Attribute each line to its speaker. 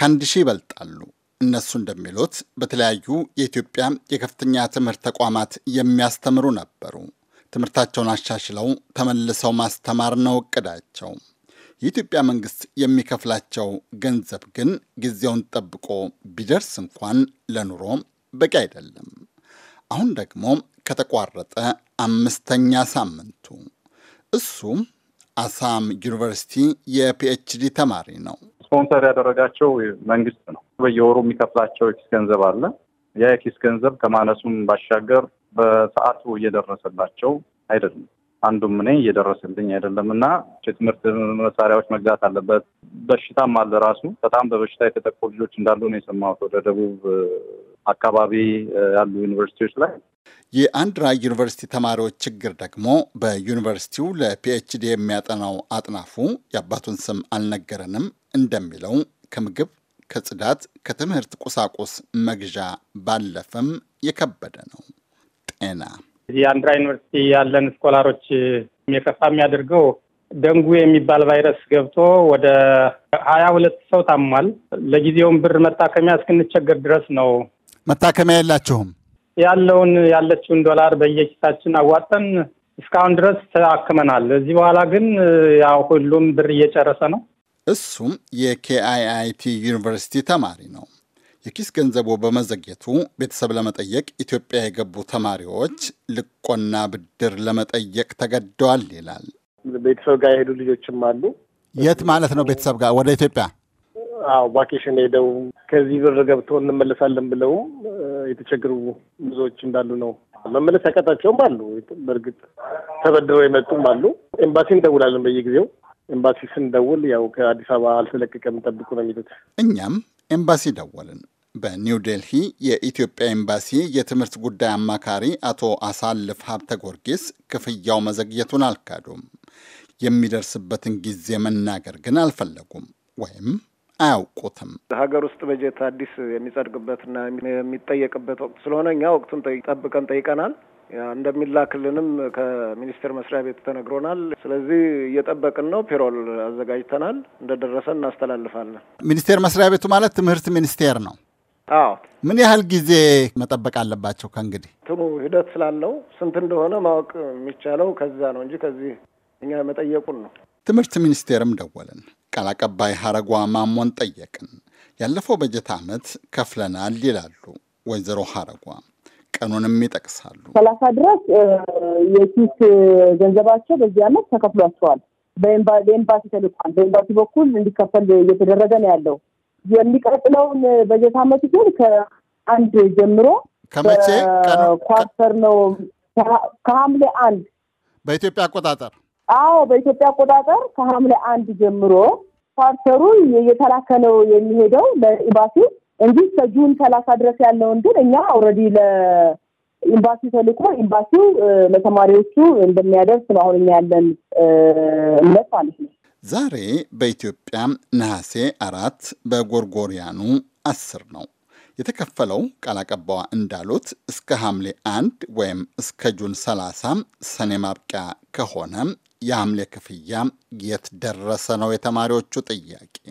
Speaker 1: ከአንድ ሺህ ይበልጣሉ። እነሱ እንደሚሉት በተለያዩ የኢትዮጵያ የከፍተኛ ትምህርት ተቋማት የሚያስተምሩ ነበሩ። ትምህርታቸውን አሻሽለው ተመልሰው ማስተማር ነው እቅዳቸው። የኢትዮጵያ መንግስት የሚከፍላቸው ገንዘብ ግን ጊዜውን ጠብቆ ቢደርስ እንኳን ለኑሮ በቂ አይደለም። አሁን ደግሞ ከተቋረጠ አምስተኛ ሳምንቱ። እሱ አሳም ዩኒቨርሲቲ የፒኤችዲ ተማሪ ነው። ስፖንሰር ያደረጋቸው መንግስት ነው። በየወሩ የሚከፍላቸው የኪስ ገንዘብ አለ። ያ የኪስ ገንዘብ ከማነሱም ባሻገር በሰዓቱ እየደረሰላቸው አይደለም። አንዱም እኔ እየደረሰልኝ አይደለም እና የትምህርት መሳሪያዎች መግዛት አለበት። በሽታም አለ ራሱ በጣም በበሽታ የተጠቁ ልጆች እንዳሉ ነው የሰማሁት። ወደ ደቡብ አካባቢ ያሉ ዩኒቨርሲቲዎች ላይ የአንድራ ዩኒቨርሲቲ ተማሪዎች ችግር ደግሞ በዩኒቨርሲቲው ለፒኤችዲ የሚያጠናው አጥናፉ የአባቱን ስም አልነገረንም እንደሚለው ከምግብ፣ ከጽዳት፣ ከትምህርት ቁሳቁስ መግዣ ባለፈም የከበደ ነው። ጤና የአንድራ ዩኒቨርሲቲ ያለን ስኮላሮች የከፋ የሚያደርገው ደንጉ የሚባል ቫይረስ ገብቶ ወደ ሀያ ሁለት ሰው ታሟል። ለጊዜውም ብር መታከሚያ እስክንቸገር ድረስ ነው። መታከሚያ የላችሁም? ያለውን ያለችውን ዶላር በየኪሳችን አዋጠን እስካሁን ድረስ ተአክመናል። እዚህ በኋላ ግን ያው ሁሉም ብር እየጨረሰ ነው። እሱም የኬአይአይቲ ዩኒቨርሲቲ ተማሪ ነው። የኪስ ገንዘቡ በመዘግየቱ ቤተሰብ ለመጠየቅ ኢትዮጵያ የገቡ ተማሪዎች ልቆና ብድር ለመጠየቅ ተገደዋል ይላል። ቤተሰብ ጋር የሄዱ ልጆችም አሉ። የት ማለት ነው? ቤተሰብ ጋር ወደ ኢትዮጵያ? አዎ፣ ቫኬሽን ሄደው ከዚህ ብር ገብቶ እንመለሳለን ብለውም የተቸገሩ ብዙዎች እንዳሉ ነው። መመለስ ያቃታቸውም አሉ። በእርግጥ ተበድረው የመጡም አሉ። ኤምባሲ እንደውላለን በየጊዜው። ኤምባሲ ስንደውል ያው ከአዲስ አበባ አልተለቀቀም የሚጠብቁ ነው የሚሉት። እኛም ኤምባሲ ደወልን። በኒው ዴልሂ የኢትዮጵያ ኤምባሲ የትምህርት ጉዳይ አማካሪ አቶ አሳልፍ ሀብተ ጎርጊስ ክፍያው መዘግየቱን አልካዱም። የሚደርስበትን ጊዜ መናገር ግን አልፈለጉም ወይም አያውቁትም። ሀገር ውስጥ በጀት አዲስ የሚጸድቅበትና የሚጠየቅበት ወቅት ስለሆነ እኛ ወቅቱን ጠብቀን ጠይቀናል። እንደሚላክልንም ከሚኒስቴር መስሪያ ቤት ተነግሮናል። ስለዚህ እየጠበቅን ነው። ፔሮል አዘጋጅተናል። እንደደረሰን እናስተላልፋለን። ሚኒስቴር መስሪያ ቤቱ ማለት ትምህርት ሚኒስቴር ነው። አዎ። ምን ያህል ጊዜ መጠበቅ አለባቸው? ከእንግዲህ እንትኑ ሂደት ስላለው ስንት እንደሆነ ማወቅ የሚቻለው ከዛ ነው እንጂ ከዚህ እኛ መጠየቁን ነው። ትምህርት ሚኒስቴርም ደወለን። ቃል አቀባይ ሀረጓ ማሞን ጠየቅን። ያለፈው በጀት ዓመት ከፍለናል ይላሉ ወይዘሮ ሀረጓ። ቀኑንም ይጠቅሳሉ።
Speaker 2: ሰላሳ ድረስ የኪስ ገንዘባቸው በዚህ ዓመት ተከፍሏቸዋል። በኤምባሲ ተልኳል። በኤምባሲ በኩል እንዲከፈል እየተደረገ ነው ያለው። የሚቀጥለውን በጀት ዓመት ግን ከአንድ ጀምሮ ከመቼ ኳርተር ነው ከሐምሌ አንድ
Speaker 1: በኢትዮጵያ አቆጣጠር።
Speaker 2: አዎ በኢትዮጵያ አቆጣጠር ከሐምሌ አንድ ጀምሮ ፓርሰሩ ነው የሚሄደው ለኢምባሲው እንጂ እስከ ጁን ሰላሳ ድረስ ያለውን ግን እኛ ኦልሬዲ ለኢምባሲ ተልኮ ኢምባሲው ለተማሪዎቹ እንደሚያደርስ ነው አሁን እኛ ያለን እምነት ማለት ነው።
Speaker 1: ዛሬ በኢትዮጵያ ነሐሴ አራት በጎርጎሪያኑ አስር ነው የተከፈለው። ቃል አቀባዋ እንዳሉት እስከ ሐምሌ አንድ ወይም እስከ ጁን ሰላሳ ሰኔ ማብቂያ ከሆነ የሐምሌ ክፍያ የት ደረሰ ነው የተማሪዎቹ ጥያቄ።